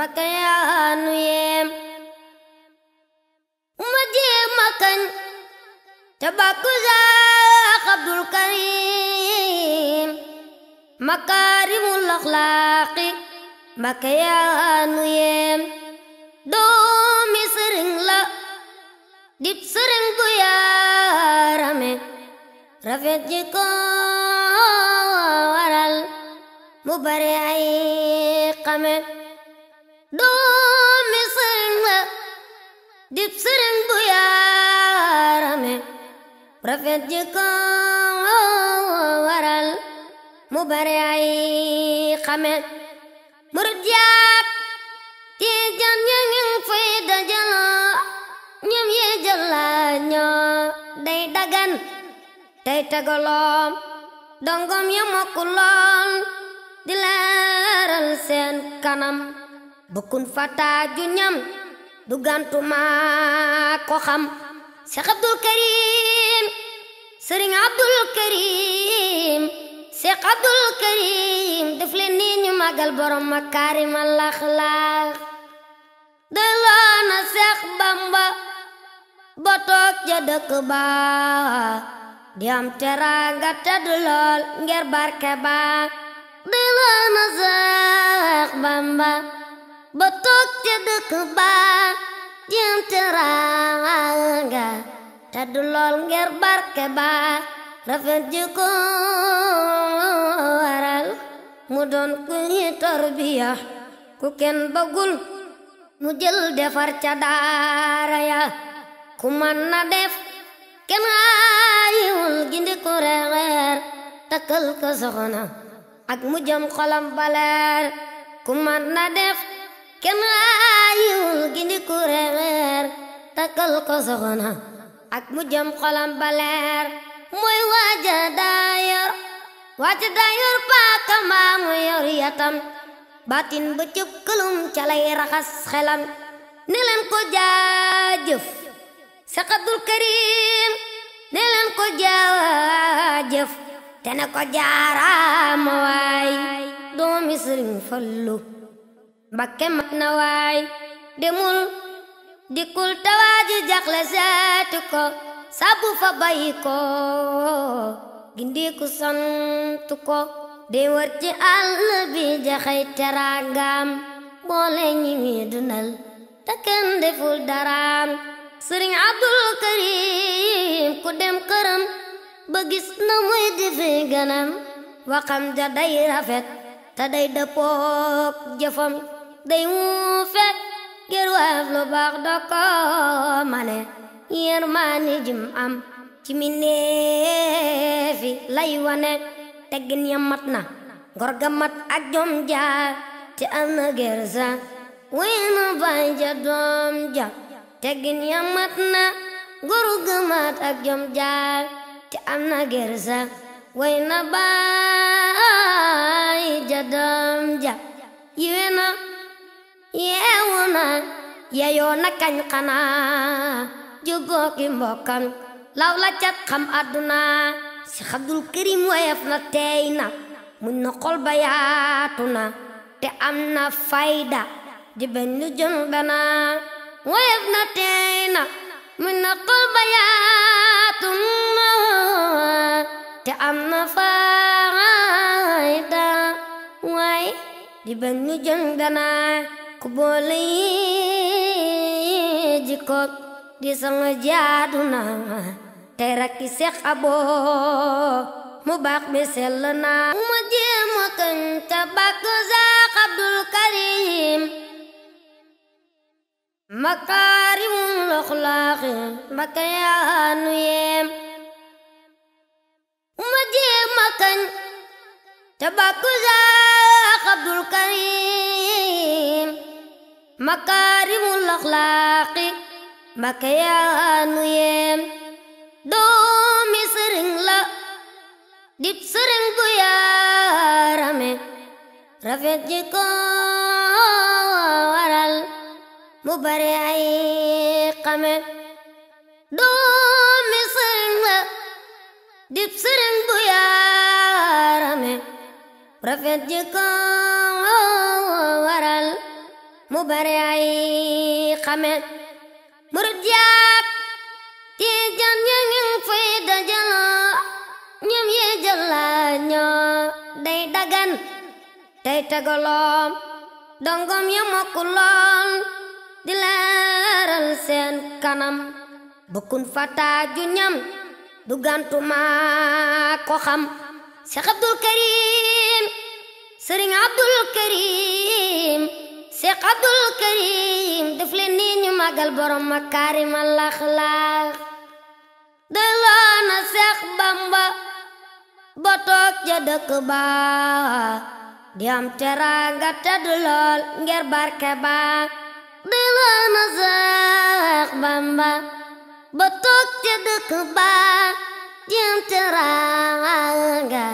maka yaa nu yem uma jéema kañ te Abdul Karim makaarimul axlaaqi maka yaa nu yem doomi la dib sëriñ bu yaarame rafet ji waral mu bare ay doomi sëriñ la dib sëriñ bu yaarame rafet jikkoom waral mu bare ay xame murid yaak tiijaan ña ngi fay dajaloo ñam yee jëllaa ñoo day dagan tey tegaloom dongom ya mokku lool di leeral seen kanam bukkun fataa ju ñam du gantuma ko xam Cheikh Abdul Karim Serigne Abdul Karim Cheikh Abdul Karim def leen ni magal borom makaarimal axlaaq delloo na Cheikh Bamba ba ja dëkk ba di am teraanga tedd lool ngir barke ba delloo na Cheikh Bamba ba toog ca dëkk ba jéem teraanga te du lool ngir barke ba rafet ji ko waral mu doon ku ñi tarbiya ku kenn bëggul mu jël defar ca daara ya ku mën na def kenn xaayiwul gindi ku reer takkal ko soxna ak mu jëm xolam baleer ku mën na def kenn aayul gindi ku reer takkal ko soxna ak mu jëm xolam ba leer mooy waaja daa yor waaja daa yor paaka maa mu yor yatam baatin ba cëb këlum ca lay raxas xelam ne leen ko jaajëf saqadul karim ne leen ko jaajëf te ne ko jaaraama waay doomi sëriñ fallu bakke mat na waay demul dikkul tawaaji jaxle seeti ko sabu fa bayi ko gindiku sant ko di wër ci àll bi jaxay teraangam boole ñi mi dunal kenn deful daraam sëriñ abdul karim ku dem këram ba gis na muy defe ganam waxam ja day rafet te day dëppook jëfam day mu fekk ngir waaf lu baax doko mane jim am ci mindeefi lay wane teggin ya mat na ngor mat ak jom ja te am na gersa wayna baay ja doom ja te am na gersa wayna baay ja doom ja yiwe na yeewu na yeyoo kañ xanaa jógoo ki mbokkam law la cat xam àdduna si xabdul kërim woyof na teey na muñ na xol yaatu na te am na fayda di benn jëm dana woyof na teey na muñ na xol yaatu na te am na fayda waay di benn jëm dana ku boole yee jikko di sama jaadu na tey rakki seex aboo mu baax mi sell na mu jéem a kañ ca bàkk Abdul Karim makaarimul axlaaqi mbaka yaa nu yeem mu jéem a kañ ca makaarimul axlaaqi Mbakke yaa nu doomi sëriñ la dib sëriñ bu yaarame rafet ji doomi sëriñ la dib sëriñ bu yaarame rafet ji mu bare ay xame murid yaak tiijaan ñoo ñu fay dajaloo ñoom yee jëllaa ñoo day dagan tey tegaloom dongom ya mokk lool di leeral seen kanam bukkun fataa ju ñam du gantuma ko xam Seex Abdul Karim Sëriñ Abdul Karim Cheikh Abdou Karim daf leen ni ñu màggal borom makaarimal axlaaq delloo na Cheikh Bamba ba toog dëkk ba di am teraanga tedd lool ngir barke ba delloo na Cheikh Bamba ba toog dëkk ba di am teraanga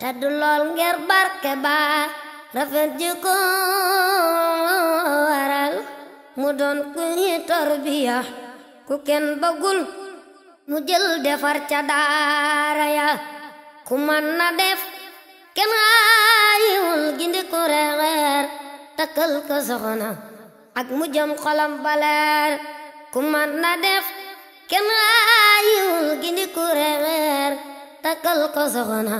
tedd lool ngir barke ba rafet ji waral mu doon ku ñi tarbiya ku kenn bëggul mu jël defar ca daara ku man na def kenn aayiwul gindi ku reer takkal ko soxna ak mu jëm xolam baleer ku man na def kenn aayiwul gindi ku reer takkal ko soxna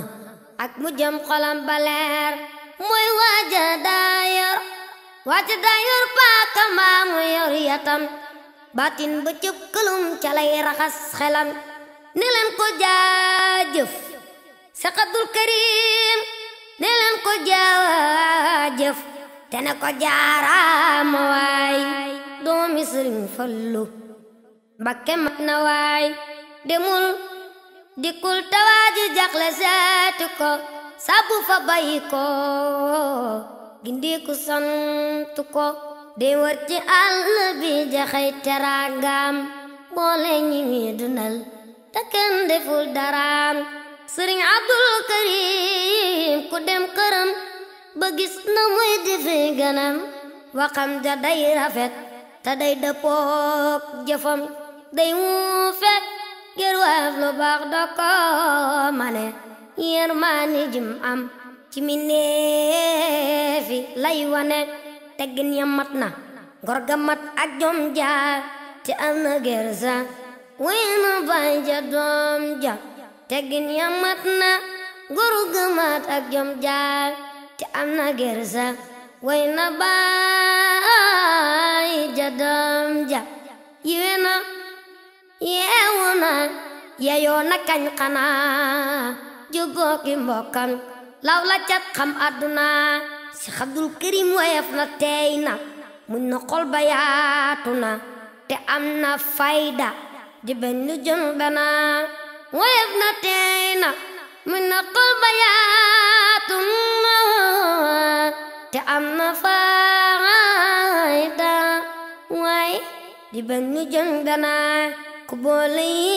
ak mu jëm xolam baleer muy waaja daa waaja daa yor paaka yatam baatin ba cëb këlum ca raxas xelam ne leen jaajëf saqadul karim ne leen ko jaajëf te ne ko jaaraama waay doomi sëriñ fallu bakke mat na waay demul dikkul tawaaji jaxle seeti sabu fa bayi ko gindi ku sant ko di wër ci àll bi jaxay teraangam boole ñi mi dundal te kenn deful daraam sëriñ abdul karim ku dem këram ba gis na muy defi ganam waxam ja day rafet te day dëppook jëfam day mu fekk ngir waaf lu baax doko mane yërmaande jim am ci mbindeefi lay wane teggin ya mat na ngor ak jom ja te am na gersa wéy baay ja doom ja teggin ya na ngor ga mat ak jom ja te am na baay ja doom ja yiwe na yeewu na yeyoo kañ xanaa jógoo ki mbokkam law la cat xam àdduna si xabdul karim woyof na teey na muñ na ba yaatu na te am na fayda di benn jën bana woyof na teey na muñ na ba yaatu na te am na fayda waay di benn jën bana ku boole yi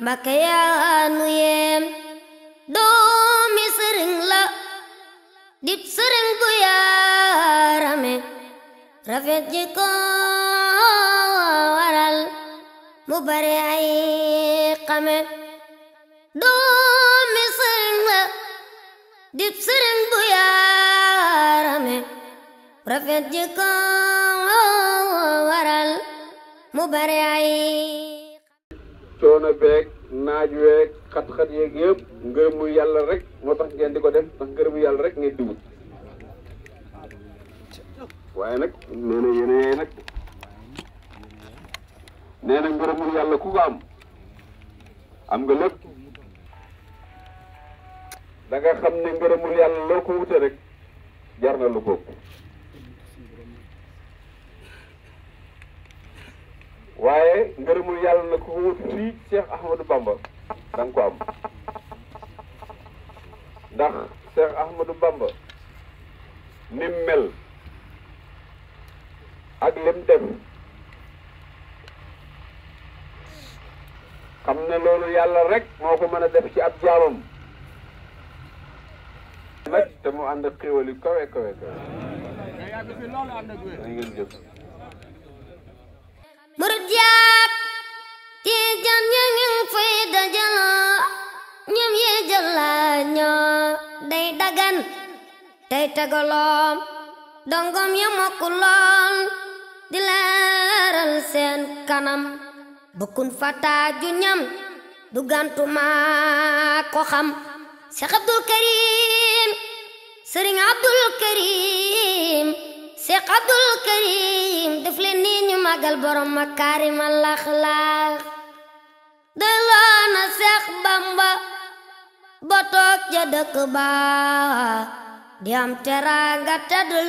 Mbakke yaa nu doomi sëriñ la dib sëriñ bu yaarame rafet ji waral mu bare ay xame doomi sëriñ la dib sëriñ bu yaarame rafet ji waral mu bare ay coono beeg naaj weeg xat-xat yeeg yëpp ngërëmu yàlla rek moo tax ngeen di ko def ndax ngërëmu yàlla rek ngeen di wut waaye nag nee na yéen nag nee na ngërëmul yàlla ku ko am am nga lépp da xam ne ngërëmul yàlla loo ko wute rek jar na lu ko waaye ngërëmul yàlla na ko wut fii Cheikh Ahmadou Bamba da ko am ndax Cheikh Ahmadou Bamba ni ak lim dem xam ne loolu yàlla rek moo ko mën a def ci ab jaamam nag te mu ànd xéwal yu kawe kawe kawe da ngeen jëf fay dajaloo ñam yee jëllaañoo day dagan tey tegaloom dongom ya mokk lool di leeral seen kanam bukkun fataaju ñam du gantuma ko xam Seex Abdul Karim Sëriñ Abdul Karim Seex Abdul Karim def leen nii ñu màggal borom makaarimal axlaaq delloo na Seex Bamba ba toog ca dëkk ba di am teraanga te du